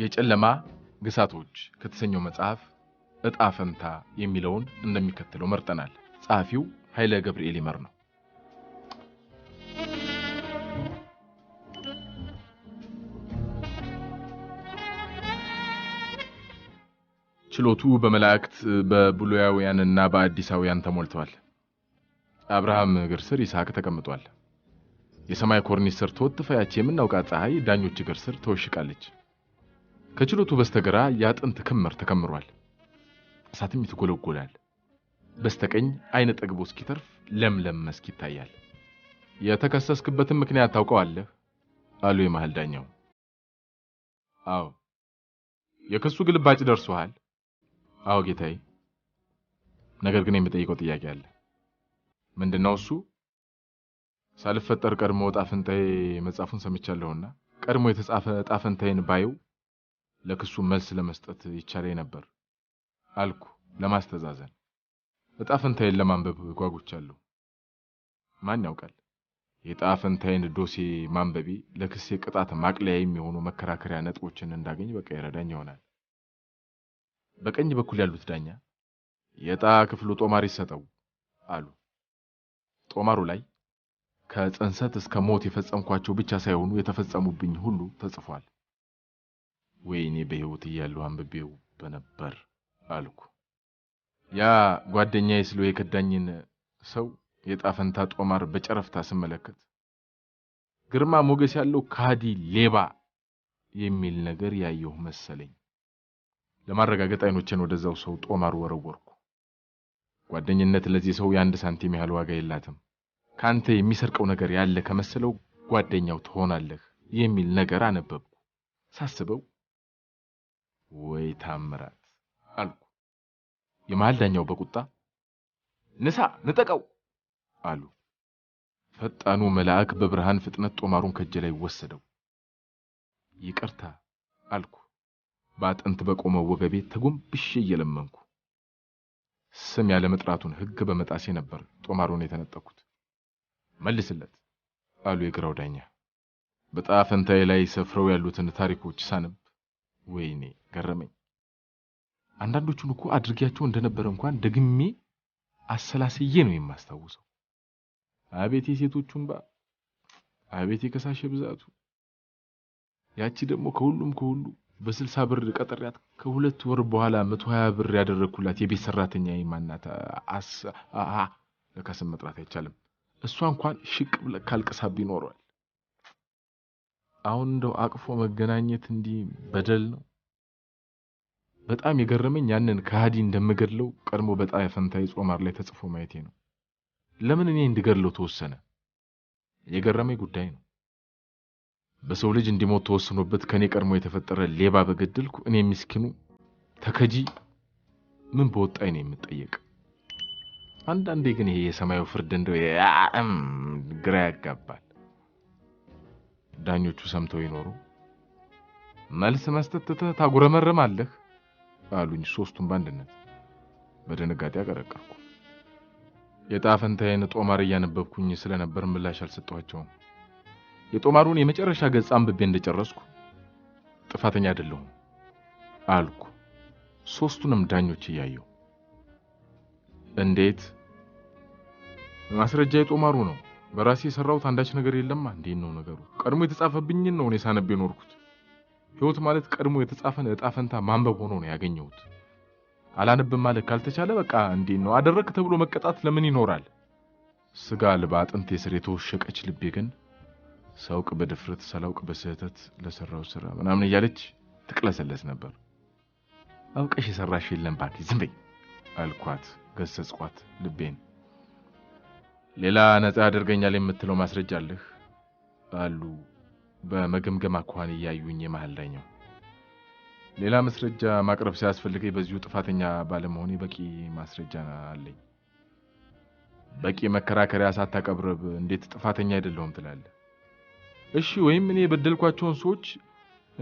የጨለማ ግሳቶች ከተሰኘው መጽሐፍ ዕጣ ፈንታ የሚለውን እንደሚከተለው መርጠናል። ጸሐፊው ኃይለ ገብርኤል ይመር ነው። ችሎቱ በመላእክት በብሉያውያንና በአዲሳውያን ተሞልተዋል። አብርሃም እግር ስር ይስሐቅ ተቀምጧል። የሰማይ ኮርኒስ ስር ተወትፋ የምናውቃት ፀሐይ ዳኞች እግር ስር ተወሽቃለች። ከችሎቱ በስተግራ የአጥንት ክምር ተከምሯል። እሳትም ይትጎለጎላል። በስተቀኝ አይነ ጠግቦ እስኪተርፍ ለምለም መስክ ይታያል። የተከሰስክበትን ምክንያት ታውቀዋለህ? አሉ የመሀል ዳኛው። አዎ። የክሱ ግልባጭ ደርሶሃል? አዎ ጌታዬ። ነገር ግን የምጠይቀው ጥያቄ አለ። ምንድን ነው እሱ? ሳልፈጠር ቀድሞ ዕጣ ፈንታዬ መጻፉን ሰምቻለሁና ቀድሞ የተጻፈ ዕጣ ፈንታዬን ባየው ለክሱ መልስ ለመስጠት ይቻለኝ ነበር አልኩ ለማስተዛዘን። እጣ ፈንታዬን ለማንበብ ጓጉቻለሁ። ማን ያውቃል የእጣ ፈንታዬን ዶሴ ማንበቤ ለክሴ ቅጣት ማቅለያ የሚሆኑ መከራከሪያ ነጥቦችን እንዳገኝ በቃ ይረዳኝ ይሆናል። በቀኝ በኩል ያሉት ዳኛ የእጣ ክፍሉ ጦማር ይሰጠው አሉ። ጦማሩ ላይ ከጽንሰት እስከ ሞት የፈጸምኳቸው ብቻ ሳይሆኑ የተፈጸሙብኝ ሁሉ ተጽፏል። ወይ እኔ በሕይወት እያለሁ አንብቤው በነበር አልኩ። ያ ጓደኛዬ ስለው የከዳኝን ሰው የጣፈንታ ጦማር በጨረፍታ ስመለከት ግርማ ሞገስ ያለው ካዲ፣ ሌባ የሚል ነገር ያየሁ መሰለኝ። ለማረጋገጥ አይኖቼን ወደዛው ሰው ጦማር ወረወርኩ። ጓደኝነት ለዚህ ሰው የአንድ ሳንቲም ያህል ዋጋ የላትም። ከአንተ የሚሰርቀው ነገር ያለ ከመሰለው ጓደኛው ትሆናለህ የሚል ነገር አነበብኩ። ሳስበው ወይ ታምራት አልኩ። የመሃል ዳኛው በቁጣ ንሳ ንጠቀው አሉ። ፈጣኑ መልአክ በብርሃን ፍጥነት ጦማሩን ከእጄ ላይ ወሰደው። ይቅርታ አልኩ፣ በአጥንት በቆመው ወገቤ ተጎንብሼ እየለመንኩ። ስም ያለ መጥራቱን ሕግ በመጣሴ ነበር ጦማሩን የተነጠኩት። መልስለት አሉ የግራው ዳኛ። በጣፈንታዬ ላይ ሰፍረው ያሉትን ታሪኮች ሳንም! ወይኔ ገረመኝ። አንዳንዶቹን እኮ አድርጊያቸው እንደነበረ እንኳን ደግሜ አሰላስዬ ነው የማስታውሰው። አቤት የሴቶቹን ባ አቤት የከሳሽ ብዛቱ። ያቺ ደግሞ ከሁሉም ከሁሉ በስልሳ ብር ቀጠሪያት ከሁለት ወር በኋላ መቶ ሀያ ብር ያደረግኩላት የቤት ሰራተኛ ማናት? ለካስም መጥራት አይቻልም። እሷ እንኳን ሽቅ ብለ ካልቀሳብ ይኖረዋል። አሁን እንደው አቅፎ መገናኘት እንዲህ በደል ነው። በጣም የገረመኝ ያንን ከሃዲ እንደምገድለው ቀድሞ በጣም የፈንታይ ጾማር ላይ ተጽፎ ማየቴ ነው። ለምን እኔ እንድገድለው ተወሰነ? የገረመኝ ጉዳይ ነው። በሰው ልጅ እንዲሞት ተወስኖበት ከኔ ቀድሞ የተፈጠረ ሌባ በገደልኩ እኔ ምስኪኑ ተከጂ ምን በወጣኝ ነው የምጠየቅ። አንዳንዴ ግን ይሄ የሰማዩ ፍርድ እንደው ግራ ያጋባል። ዳኞቹ ሰምተው ይኖሩ? መልስ መስጠት ትተህ ታጉረመረማለህ አሉኝ ሶስቱም በአንድነት። በድንጋጤ አቀረቀርኩ። የጣፈንታዬን ጦማር እያነበብኩኝ ስለነበር ምላሽ አልሰጠኋቸውም። የጦማሩን የመጨረሻ ገጽ አንብቤ እንደጨረስኩ ጥፋተኛ አይደለሁም አልኩ፣ ሶስቱንም ዳኞች እያየሁ። እንዴት? ማስረጃ የጦማሩ ነው በራሴ የሰራሁት አንዳች ነገር የለማ። እንዴት ነው ነገሩ? ቀድሞ የተጻፈብኝን ነው እኔ ሳነብ የኖርኩት። ህይወት ማለት ቀድሞ የተጻፈን እጣ ፈንታ ማንበብ ሆኖ ነው ያገኘሁት። አላነብም ማለት ካልተቻለ በቃ እንዴት ነው አደረግ ተብሎ መቀጣት ለምን ይኖራል? ስጋ አልባ አጥንት የስር የተወሸቀች ልቤ ግን ሳውቅ በድፍረት ሳላውቅ በስህተት ለሰራው ስራ ምናምን እያለች ትቅለሰለስ ነበር። አውቀሽ የሰራሽ የለም ባኪ ዝም በይ አልኳት፣ ገሰጽኳት ልቤን ሌላ ነፃ ያደርገኛል የምትለው ማስረጃ አለህ? አሉ በመገምገም አኳኋን እያዩኝ የመሀል ላይ ነው። ሌላ ማስረጃ ማቅረብ ሲያስፈልገኝ በዚሁ ጥፋተኛ ባለመሆኔ በቂ ማስረጃ አለኝ። በቂ መከራከሪያ ሳታቀብረብ እንዴት ጥፋተኛ አይደለሁም ትላለህ? እሺ ወይም እኔ የበደልኳቸውን ሰዎች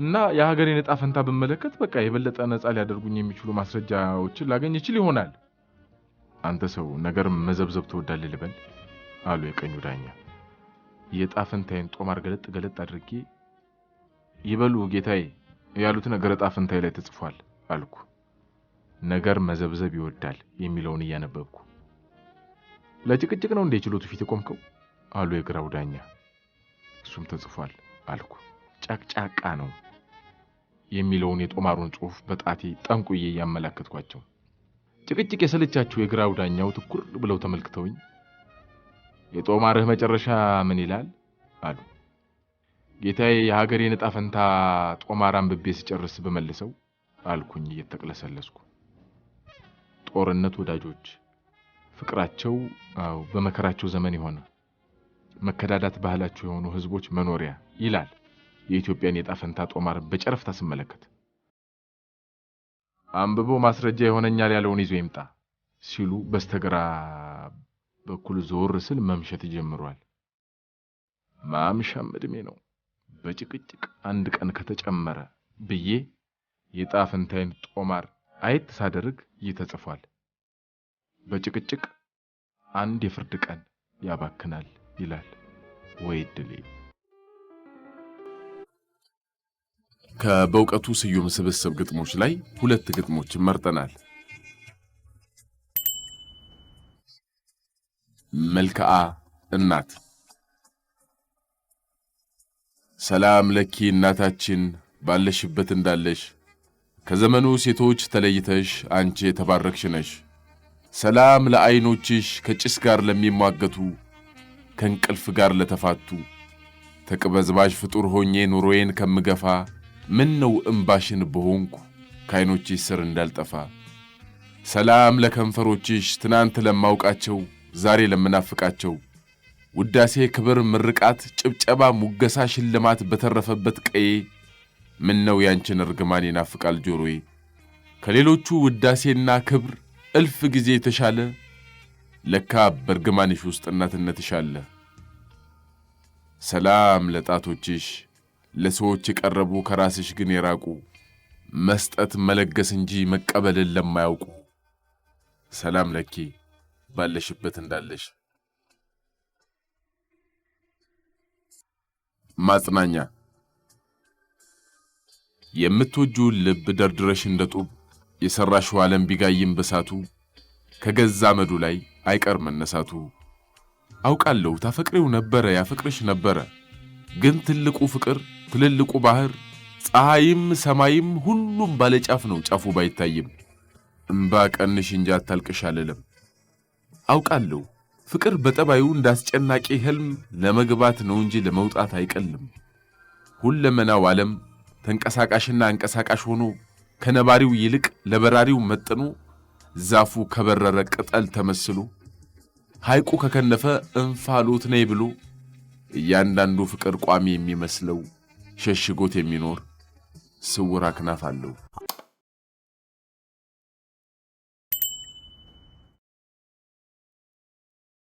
እና የሀገሬን ዕጣ ፈንታ ብመለከት በቃ የበለጠ ነፃ ሊያደርጉኝ የሚችሉ ማስረጃዎችን ላገኝ ይችል ይሆናል። አንተ ሰው ነገር መዘብዘብ ትወዳለህ ልበል? አሉ የቀኙ ዳኛ። የጣፍንታይን ጦማር ገለጥ ገለጥ አድርጌ ይበሉ ጌታዬ ያሉት ነገር ጣፍንታይ ላይ ተጽፏል አልኩ። ነገር መዘብዘብ ይወዳል የሚለውን እያነበብኩ ለጭቅጭቅ ነው እንደ ችሎቱ ፊት የቆምከው አሉ የግራው ዳኛ። እሱም ተጽፏል አልኩ። ጫቅጫቃ ነው የሚለውን የጦማሩን ጽሑፍ በጣቴ ጠንቁዬ እያመላከትኳቸው፣ ጭቅጭቅ የሰለቻቸው የግራው ዳኛው ትኩር ብለው ተመልክተውኝ የጦማርህ መጨረሻ ምን ይላል አሉ። ጌታዬ የሀገሬ ዕጣ ፈንታ ጦማር አንብቤ ስጨርስ በመልሰው አልኩኝ እየተቅለሰለስኩ። ጦርነት ወዳጆች ፍቅራቸው በመከራቸው ዘመን የሆነ መከዳዳት ባህላቸው የሆኑ ህዝቦች መኖሪያ ይላል የኢትዮጵያን የዕጣ ፈንታ ጦማር በጨረፍታ ስመለከት። አንብቦ ማስረጃ የሆነኛል ያለውን ይዞ ይምጣ ሲሉ በስተግራ በኩል ዞር ስል መምሸት ጀምሯል። ማምሻም እድሜ ነው በጭቅጭቅ አንድ ቀን ከተጨመረ ብዬ የጣፍንታይን ጦማር አየት ሳደርግ ይተጽፏል። በጭቅጭቅ አንድ የፍርድ ቀን ያባክናል ይላል ወይ ድሌ። ከበእውቀቱ ስዩም ስብስብ ግጥሞች ላይ ሁለት ግጥሞችን መርጠናል። መልክዓ እናት ሰላም ለኪ እናታችን ባለሽበት እንዳለሽ ከዘመኑ ሴቶች ተለይተሽ አንቺ የተባረክሽ ነሽ። ሰላም ለዐይኖችሽ ከጭስ ጋር ለሚሟገቱ ከእንቅልፍ ጋር ለተፋቱ ተቅበዝባዥ ፍጡር ሆኜ ኑሮዬን ከምገፋ ምን ነው እምባሽን በሆንኩ ከዐይኖችሽ ስር እንዳልጠፋ ሰላም ለከንፈሮችሽ ትናንት ለማውቃቸው ዛሬ ለምናፍቃቸው ውዳሴ፣ ክብር፣ ምርቃት፣ ጭብጨባ፣ ሙገሳ፣ ሽልማት በተረፈበት ቀዬ ምን ነው ያንችን እርግማን ይናፍቃል ጆሮዬ። ከሌሎቹ ውዳሴና ክብር እልፍ ጊዜ የተሻለ ለካ በእርግማንሽ ውስጥ እናትነትሽ አለ። ሰላም ለጣቶችሽ ለሰዎች የቀረቡ ከራስሽ ግን የራቁ መስጠት መለገስ እንጂ መቀበልን ለማያውቁ ሰላም ለኬ ባለሽበት እንዳለሽ ማጽናኛ የምትወጂውን ልብ ደርድረሽ እንደ ጡብ የሠራሽው ዓለም ቢጋይም በሳቱ ከገዛ መዱ ላይ አይቀር መነሳቱ። አውቃለሁ ታፈቅሪው ነበረ ያፈቅርሽ ነበረ፣ ግን ትልቁ ፍቅር ትልልቁ ባህር ፀሐይም ሰማይም ሁሉም ባለጫፍ ነው ጫፉ ባይታይም። እምባ ቀንሽ እንጂ አታልቅሽ አልልም። አውቃለሁ ፍቅር በጠባዩ እንዳስጨናቂ ሕልም ለመግባት ነው እንጂ ለመውጣት አይቀልም። ሁለመናው ዓለም ተንቀሳቃሽና አንቀሳቃሽ ሆኖ ከነባሪው ይልቅ ለበራሪው መጥኖ ዛፉ ከበረረ ቅጠል ተመስሎ ሐይቁ ከከነፈ እንፋሎት ነይ ብሎ እያንዳንዱ ፍቅር ቋሚ የሚመስለው ሸሽጎት የሚኖር ስውር አክናፍ አለው።